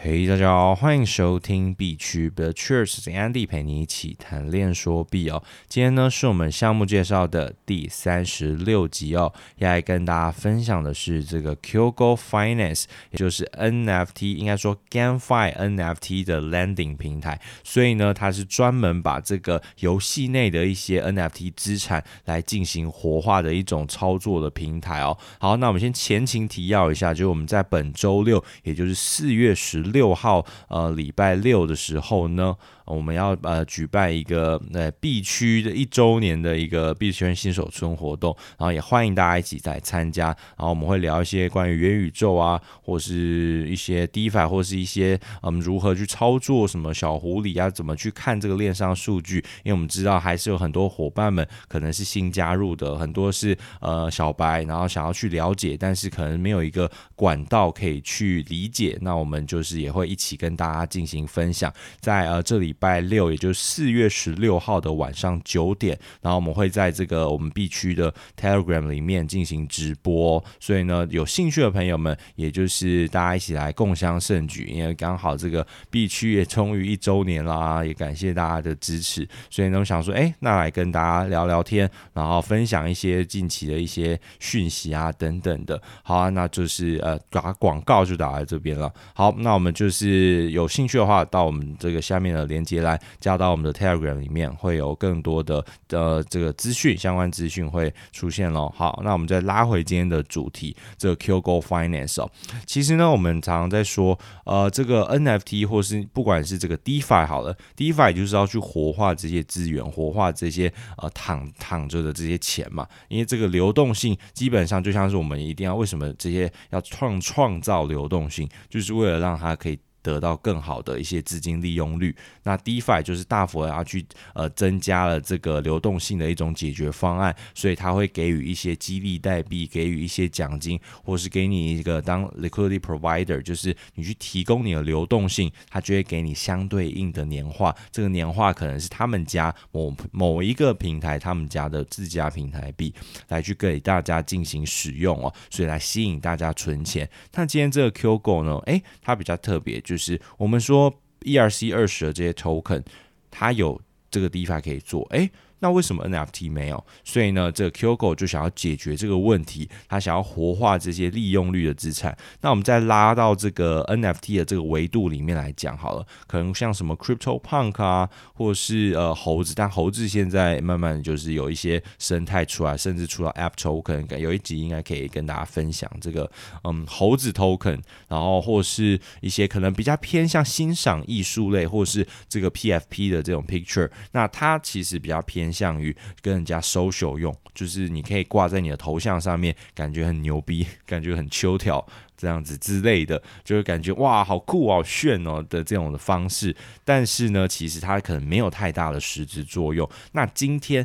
嘿、hey，大家好，歡迎收聽幣趨 BitCheers，安迪陪你一起談戀說幣哦。今天呢，是我們項目介紹的第三十六集哦。要來跟大家分享的是這個 Kyoko Finance，也就是 NFT，應該說 GameFi NFT 的 lending 平台。所以呢，它是專門把這個遊戲內的一些 NFT 資產來進行活化的一種操作的平台哦。好，那我們先前情提要一下，就是我們在本周六，也就是四月十。六號，呃，禮拜六的時候呢。我們要呃舉辦一個呃幣趨的一周年的一個幣圈新手村活動，然後也歡迎大家一起來參加。然後我們會聊一些關於元宇宙啊，或是一些 DeFi，或是一些嗯、呃、如何去操作什麼小狐狸啊，怎麼去看這個鏈上數據。因為我們知道還是有很多夥伴們可能是新加入的，很多是呃小白，然後想要去了解，但是可能沒有一個管道可以去理解。那我們就是也會一起跟大家進行分享，在呃這裡。禮拜六，也就是四月十六號的晚上九點，然後我們會在這個我們幣趨的 Telegram 裡面進行直播、哦。所以呢，有興趣的朋友們，也就是大家一起來共襄盛舉，因為剛好這個幣趨也終於一周年啦、啊，也感謝大家的支持。所以呢，我想說，哎、欸，那來跟大家聊聊天，然後分享一些近期的一些訊息啊，等等的。好啊，那就是呃打廣告就打在這邊了。好，那我們就是有興趣的話，到我們這個下面的連。接來加到我們的 Telegram 裡面，會有更多的呃這個資訊，相關資訊會出現咯。好，那我們再拉回今天的主題，這個 Kyoko Finance 哦。其實呢，我們常常在說，呃，這個 NFT 或是不管是這個 DeFi 好了，DeFi 就是要去活化這些資源，活化這些呃躺躺着的這些錢嘛。因為這個流動性基本上就像是我們一定要為什麼這些要創創造流動性，就是為了讓它可以。得到更好的一些資金利用率，那 DeFi 就是大幅要去呃增加了這個流動性的一種解決方案，所以他會給予一些激勵代幣，給予一些獎金，或是給你一個當 Liquidity Provider，就是你去提供你的流動性，他就會給你相對應的年化，這個年化可能是他們家某某一個平台，他們家的自家平台幣來去給大家進行使用哦，所以來吸引大家存錢。那今天這個 Kyoko 呢，誒，它比較特別。就是我們說 E R C 二十的這些 token，它有這個地方可以做，誒那為什麼 NFT 沒有？所以呢，這個 Kyoko 就想要解決這個問題，他想要活化這些利用率的資產。那我們再拉到這個 NFT 的這個維度裡面來講好了，可能像什麼 Crypto Punk 啊，或是呃猴子，但猴子現在慢慢就是有一些生態出來，甚至出了 App Token，有一集應該可以跟大家分享這個，嗯，猴子 Token，然後或是一些可能比較偏向欣賞藝術類，或是這個 PFP 的這種 Picture，那它其實比較偏。傾向於跟人家 social 用，就是你可以掛在你的頭像上面，感覺很牛逼，感覺很秋條這樣子之類的，就會、是、感覺哇，好酷哦，好炫哦、喔、的這種的方式。但是呢，其實它可能沒有太大的實質作用。那今天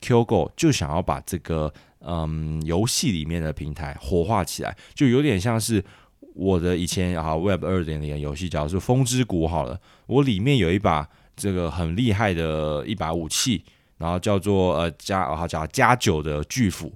Kyoko 就想要把這個嗯遊戲裡面的平台活化起來，就有點像是我的以前啊 Web 二點零的遊戲，叫做風之谷好了，我裡面有一把這個很厲害的一把武器。然後叫做呃，加哦，好加加九的巨斧，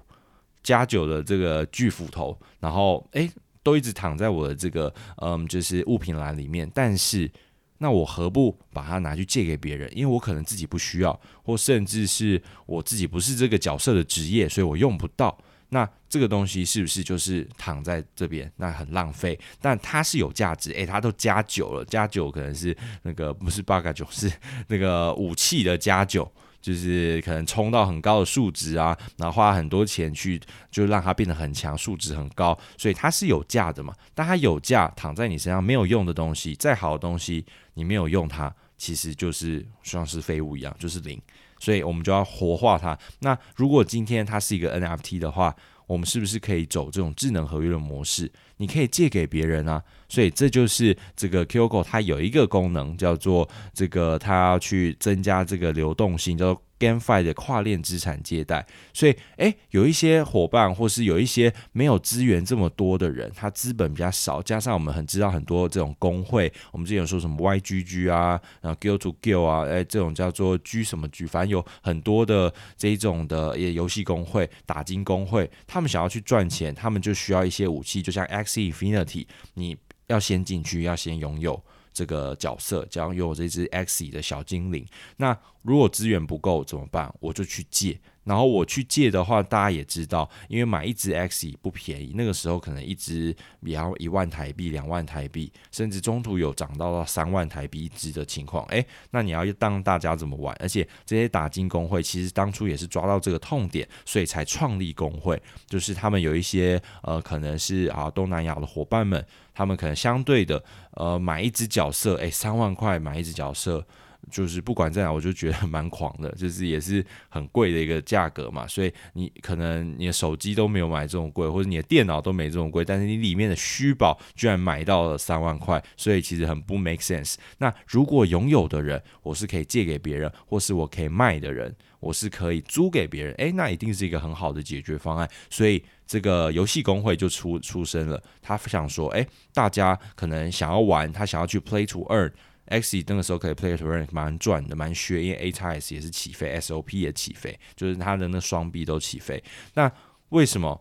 加九的這個巨斧頭，然後誒，都一直躺在我的這個嗯，就是物品欄裡面。但是，那我何不把它拿去借給別人？因為我可能自己不需要，或甚至是我自己不是這個角色的職業，所以我用不到。那這個東西是不是就是躺在這邊？那很浪費，但它是有價值。誒，它都加九了，加九可能是那個不是八嘎九，是那個武器的加九。就是可能衝到很高的數值啊，然後花很多錢去，就讓它變得很強，數值很高，所以它是有價的嘛。但它有價躺在你身上沒有用的東西，再好的東西你沒有用它，其實就是像是廢物一樣，就是零。所以我們就要活化它。那如果今天它是一個 NFT 的話。我們是不是可以走這種智能合約的模式？你可以借給別人啊，所以這就是這個 Kyoko 它有一個功能叫做這個它要去增加這個流動性，叫做。GameFi 的跨鏈資產借貸，所以誒、欸、有一些夥伴，或是有一些沒有資源這麼多的人，他資本比較少，加上我們很知道很多這種工會，我們之前有說什麼 YGG 啊，然後 Guild to Guild 啊，誒、欸、這種叫做 G 什麼 G，反正有很多的這一種的遊戲工會，打金工會，他們想要去賺錢，他們就需要一些武器，就像 Axie Infinity，你要先進去，要先擁有。這個角色將擁有這隻 Axie 的小精靈。那如果資源不夠怎麼辦？我就去借。然後我去借的話，大家也知道，因為買一隻 X 不便宜，那個時候可能一隻也要一萬台幣、兩萬台幣，甚至中途有漲到了三萬台幣一隻的情況。哎，那你要當大家怎麼玩？而且這些打金公會，其實當初也是抓到這個痛點，所以才創立公會。就是他們有一些呃，可能是啊東南亞的夥伴們，他們可能相對的呃，買一隻角色，哎，三萬塊買一隻角色。就是不管在哪，我就覺得蠻狂的，就是也是很貴的一個價格嘛。所以你可能你的手機都沒有買這麼貴，或者你的電腦都沒這麼貴，但是你裡面的虛寶居然買到了三萬塊，所以其實很不 make sense。那如果擁有的人，我是可以借給別人，或是我可以賣的人，我是可以租給別人，誒，那一定是一個很好的解決方案。所以這個遊戲公會就出出生了，他想說，誒，大家可能想要玩，他想要去 play to earn。X 起那個時候可以 play to earn，蠻賺的，蠻削，因為 AXS 也是起飛，SOP 也起飛，就是他的那雙臂都起飛。那為什麼？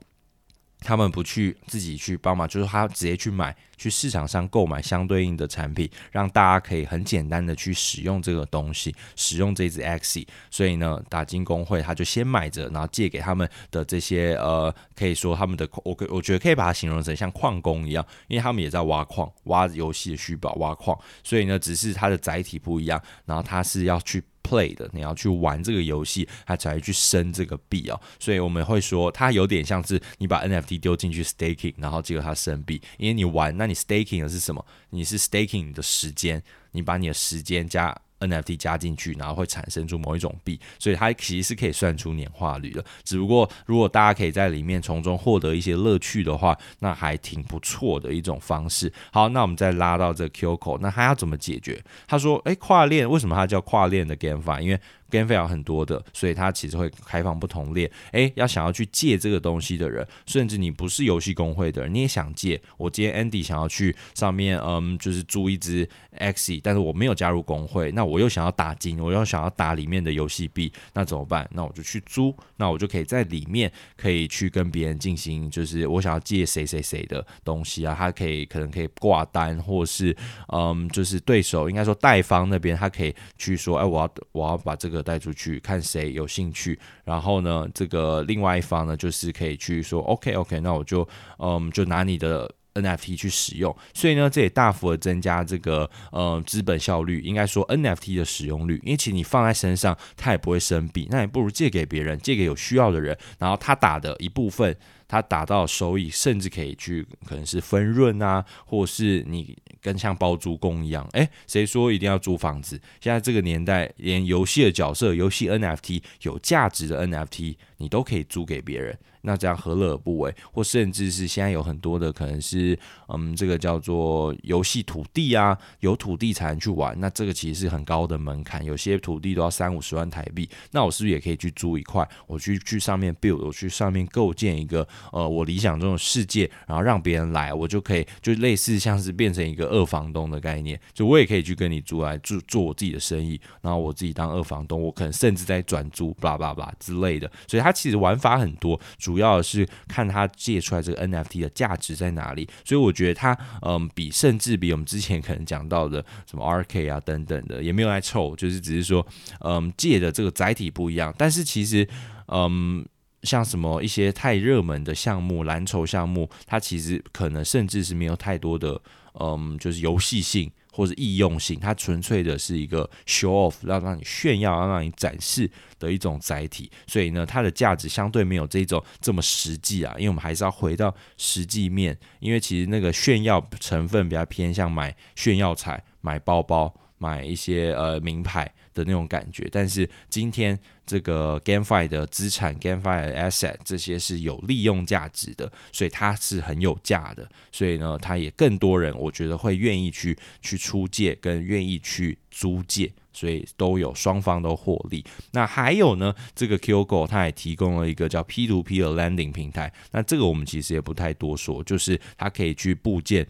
他們不去自己去幫忙，就是他直接去買，去市場上購買相對應的產品，讓大家可以很簡單的去使用這個東西，使用這支 Axie，所以呢，打金工會，他就先買着，然後借給他們的這些呃，可以說他們的，我我覺得可以把它形容成像礦工一樣，因為他們也在挖礦，挖遊戲的虛寶挖礦，所以呢，只是它的載體不一樣，然後他是要去。play 的，你要去玩這個遊戲，它才會去升這個幣啊、哦。所以我們會說，它有點像是你把 NFT 丟進去 staking，然後結果它升幣，因為你玩，那你 staking 的是什麼？你是 staking 你的時間，你把你的時間加。NFT 加進去，然後會產生出某一種幣，所以它其實是可以算出年化率的。只不過如果大家可以在裡面從中獲得一些樂趣的話，那還挺不錯的一種方式。好，那我們再拉到這個 QCO，那它要怎麼解決？他說，誒、欸、跨鏈，為什麼它叫跨鏈的 GameFi？因為 GameFi 很多的，所以他其實會開放不同鏈，哎、欸，要想要去借這個東西的人，甚至你不是遊戲公會的人，你也想借。我今天 Andy 想要去上面，嗯，就是租一只 Axie，但是我沒有加入公會，那我又想要打金，我又想要打裡面的遊戲幣，那怎麼辦？那我就去租，那我就可以在裡面可以去跟別人進行，就是我想要借誰誰誰的東西啊，他可以可能可以掛單，或是嗯，就是對手應該說貸方那邊，他可以去說，哎、欸，我要我要把這個。帶出去看誰有興趣，然後呢，這個另外一方呢，就是可以去說 OK OK，那我就嗯就拿你的 NFT 去使用，所以呢，這也大幅的增加這個呃、嗯、資本效率，應該說 NFT 的使用率，因為其實你放在身上它也不會生病，那也不如借給別人，借給有需要的人，然後他打的一部分它達到收益，甚至可以去可能是分潤啊，或是你跟像包租公一樣，誒，誰說一定要租房子？現在這個年代，連遊戲的角色、遊戲 NFT 有價值的 NFT，你都可以租給別人。那這樣何樂而不為？或甚至是現在有很多的，可能是嗯，這個叫做遊戲土地啊，有土地才能去玩。那這個其實是很高的門檻，有些土地都要三五十萬台幣。那我是不是也可以去租一塊？我去去上面 build，我去上面構建一個呃我理想中的世界，然後讓別人來，我就可以就類似像是變成一個二房東的概念，就我也可以去跟你租來住做我自己的生意，然後我自己當二房東，我可能甚至在轉租，巴拉巴拉之類的。所以它其實玩法很多。主要是看他借出來這個 NFT 的價值在哪裡，所以我覺得它嗯，比甚至比我們之前可能講到的什麼 RK 啊等等的也沒有來湊，就是只是說嗯，借的這個載體不一樣。但是其實嗯，像什麼一些太熱門的項目、藍籌項目，它其實可能甚至是沒有太多的嗯，就是遊戲性。或者易用性，它純粹的是一個 show off，要讓你炫耀，要讓你展示的一種載體。所以呢，它的價值相對沒有這一種這麼實際啊。因為我們還是要回到實際面，因為其實那個炫耀成分比較偏向買炫耀財、買包包。買一些呃名牌的那種感覺，但是今天這個 GameFi 的資產 GameFi 的 asset 這些是有利用價值的，所以它是很有價的。所以呢，它也更多人我覺得會願意去去出借跟願意去租借，所以都有雙方都獲利。那還有呢，這個 Kyoko 他也提供了一個叫 P2P 的 lending 平台，那這個我們其實也不太多說，就是它可以去部件。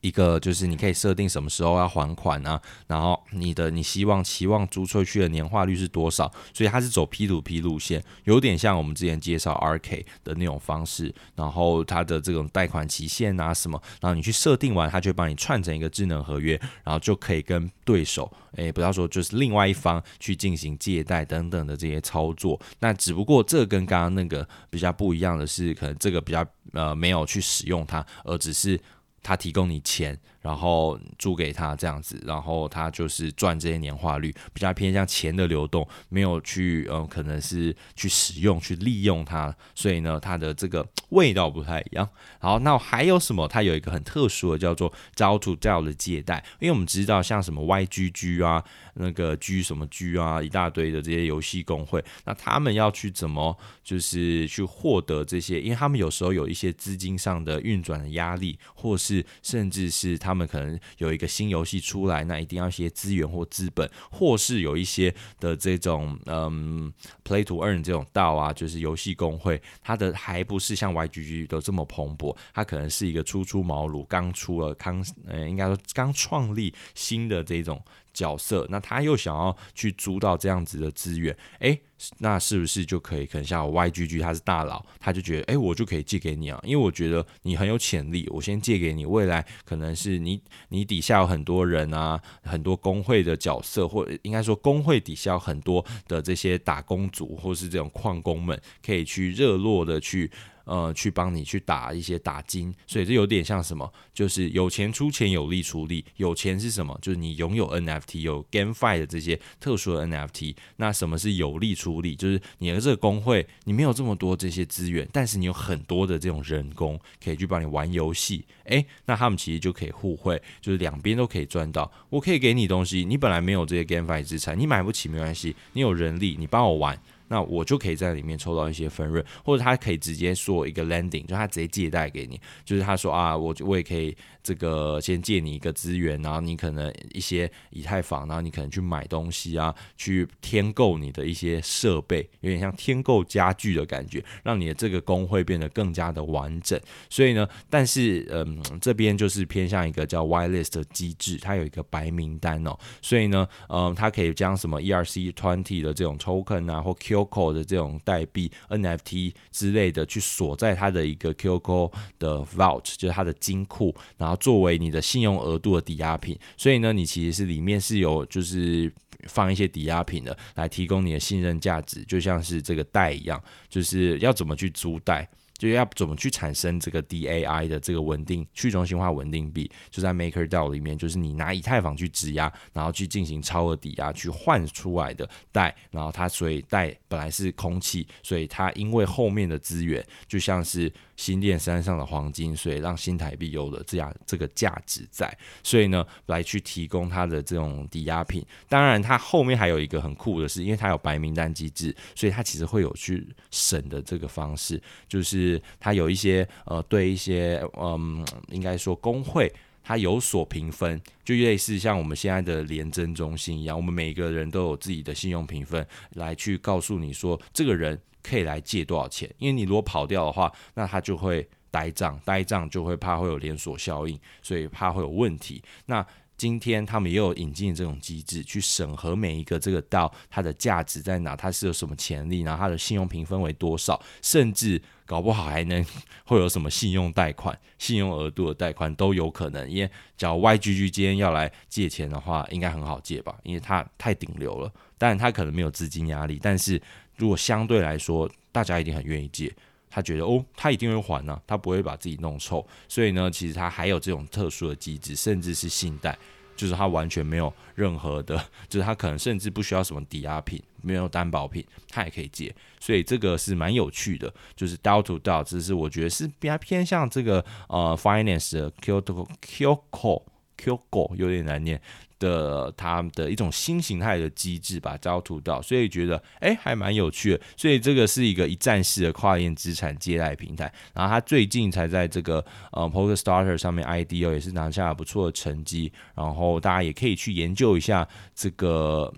一個就是你可以設定什麼時候要還款啊，然後你的你希望期望租出去的年化率是多少，所以它是走 P2P 路線，有點像我們之前介紹 RK 的那種方式。然後它的這種貸款期限啊什麼，然後你去設定完，它就幫你串成一個智能合約，然後就可以跟對手，誒，不要說就是另外一方去進行借貸等等的這些操作。那只不過這跟剛剛那個比較不一樣的是，可能這個比較呃沒有去使用它，而只是。他提供你錢。然後租給他這樣子，然後他就是賺這些年化率，比較偏向錢的流動，沒有去嗯、呃，可能是去使用、去利用它，所以呢，它的這個味道不太一樣。好，那還有什麼？它有一個很特殊的叫做 “DAO to DAO” 的借貸，因為我們知道像什麼 YGG 啊，那個 G 什麼 G 啊，一大堆的這些遊戲公會，那他們要去怎麼就是去獲得這些？因為他們有時候有一些資金上的運轉的壓力，或是甚至是他。他們可能有一個新遊戲出來，那一定要些資源或資本，或是有一些的這種嗯，play to earn 這種道啊，就是遊戲公會，它的還不是像 YGG 都這麼蓬勃，它可能是一個初出茅廬，剛出了，剛，呃，應該說剛創立新的這種。角色，那他又想要去租到這樣子的資源，誒、欸，那是不是就可以？可能像我 YGG 他是大佬，他就覺得，誒、欸，我就可以借給你啊，因為我覺得你很有潛力，我先借給你，未來可能是你你底下有很多人啊，很多工會的角色，或應該說工會底下有很多的這些打工族，或是這種礦工們，可以去熱絡的去。呃，去幫你去打一些打金，所以這有點像什麼？就是有錢出錢，有力出力。有錢是什麼？就是你擁有 NFT，有 GameFi 的這些特殊的 NFT。那什麼是有力出力？就是你的這個工會，你沒有這麼多這些資源，但是你有很多的這種人工可以去幫你玩遊戲。誒、欸，那他們其實就可以互惠，就是兩邊都可以賺到。我可以給你東西，你本來沒有這些 GameFi 資產，你買不起沒關係，你有人力，你幫我玩。那我就可以在裡面抽到一些分潤，或者他可以直接做一個 lending，就他直接借貸給你，就是他說啊，我我也可以。這個先借你一個資源，然後你可能一些以太坊，然後你可能去買東西啊，去添購你的一些設備，有點像添購家具的感覺，讓你的這個工會變得更加的完整。所以呢，但是嗯、呃，這邊就是偏向一個叫 whitelist 的機制，它有一個白名單哦。所以呢，嗯、呃，它可以將什麼 ERC twenty 的這種 token 啊，或 Kyoko 的這種代幣 NFT 之類的，去鎖在它的一個 Kyoko 的 vault，就是它的金庫，然後。作為你的信用額度的抵押品，所以呢，你其實是裡面是有就是放一些抵押品的，來提供你的信任價值，就像是這個貸一樣，就是要怎麼去租貸，就要怎麼去產生這個 DAI 的這個穩定去中心化穩定幣，就在 MakerDAO 裡面，就是你拿以太坊去質押，然後去進行超額抵押去換出來的貸，然後它所以貸本來是空氣，所以它因為後面的資源就像是。新店山上的黃金，所以讓新台幣有了這樣這個價值在，所以呢，來去提供它的這種抵押品。當然，它後面還有一個很酷的是，因為它有白名單機制，所以它其實會有去審的這個方式，就是它有一些呃，對一些嗯、呃，應該說工會。它有所評分，就類似像我們現在的聯徵中心一樣，我們每一個人都有自己的信用評分，來去告訴你說這個人可以來借多少錢。因為你如果跑掉的話，那他就會呆賬，呆賬就會怕會有連鎖效應，所以怕會有問題。那今天他們也有引進這種機制，去審核每一個這個道，它的價值在哪，它是有什麼潛力，然後它的信用評分為多少，甚至。搞不好還能會有什麼信用貸款、信用額度的貸款都有可能，因為假如 YGG 今天要來借錢的話，應該很好借吧？因為他太頂流了，但他可能沒有資金壓力，但是如果相對來說，大家一定很願意借，他覺得哦，他一定會還啊，他不會把自己弄臭，所以呢，其實他還有這種特殊的機制，甚至是信貸。就是他完全沒有任何的，就是他可能甚至不需要什麼抵押品，沒有擔保品，他也可以借，所以這個是蠻有趣的。就是 doubt to doubt，是我覺得是比較偏向這個呃 Finance 的 Kyoko Kyoko Kyoko 有點難念。的他的一種新型態的機制吧，把招徒到，所以覺得誒、欸、還蠻有趣的。所以這個是一個一站式的跨鏈資產借貸平台。然後他最近才在這個呃，Polkastarter 上面 IDO、哦、也是拿下了不錯的成績。然後大家也可以去研究一下這個。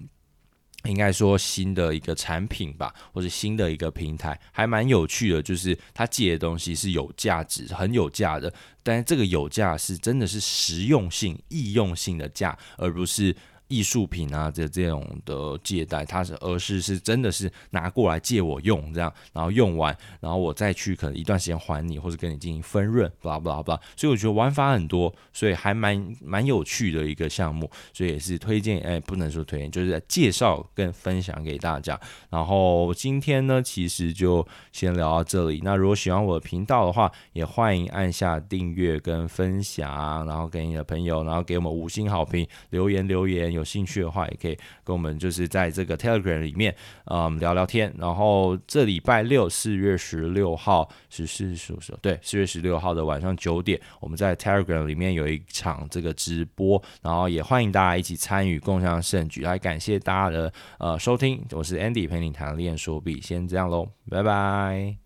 應該說新的一個產品吧，或者新的一個平台，還蠻有趣的。就是他借的東西是有價值，很有價的。但是這個有價是真的是實用性、易用性的價，而不是。藝術品啊，這這種的借貸，它是而是是真的是拿過來借我用，這樣，然後用完，然後我再去可能一段時間還你，或者跟你進行分潤，blah blah blah，所以我覺得玩法很多，所以還蠻蠻有趣的一個項目，所以也是推薦，哎、欸，不能說推薦，就是介紹跟分享給大家。然後今天呢，其實就先聊到這裡。那如果喜歡我的頻道的話，也歡迎按下訂閱跟分享，然後給你的朋友，然後給我們五星好評，留言留言。有興趣的話，也可以跟我們就是在這個 Telegram 裡面，嗯、呃，聊聊天。然後這禮拜六，四月十六號十四十五十，14, 15, 15, 對，四月十六號的晚上九點，我們在 Telegram 裡面有一場這個直播，然後也歡迎大家一起參與共襄盛舉。來，感謝大家的呃收聽，我是 Andy，陪你談鏈說幣，先這樣嘍，拜拜。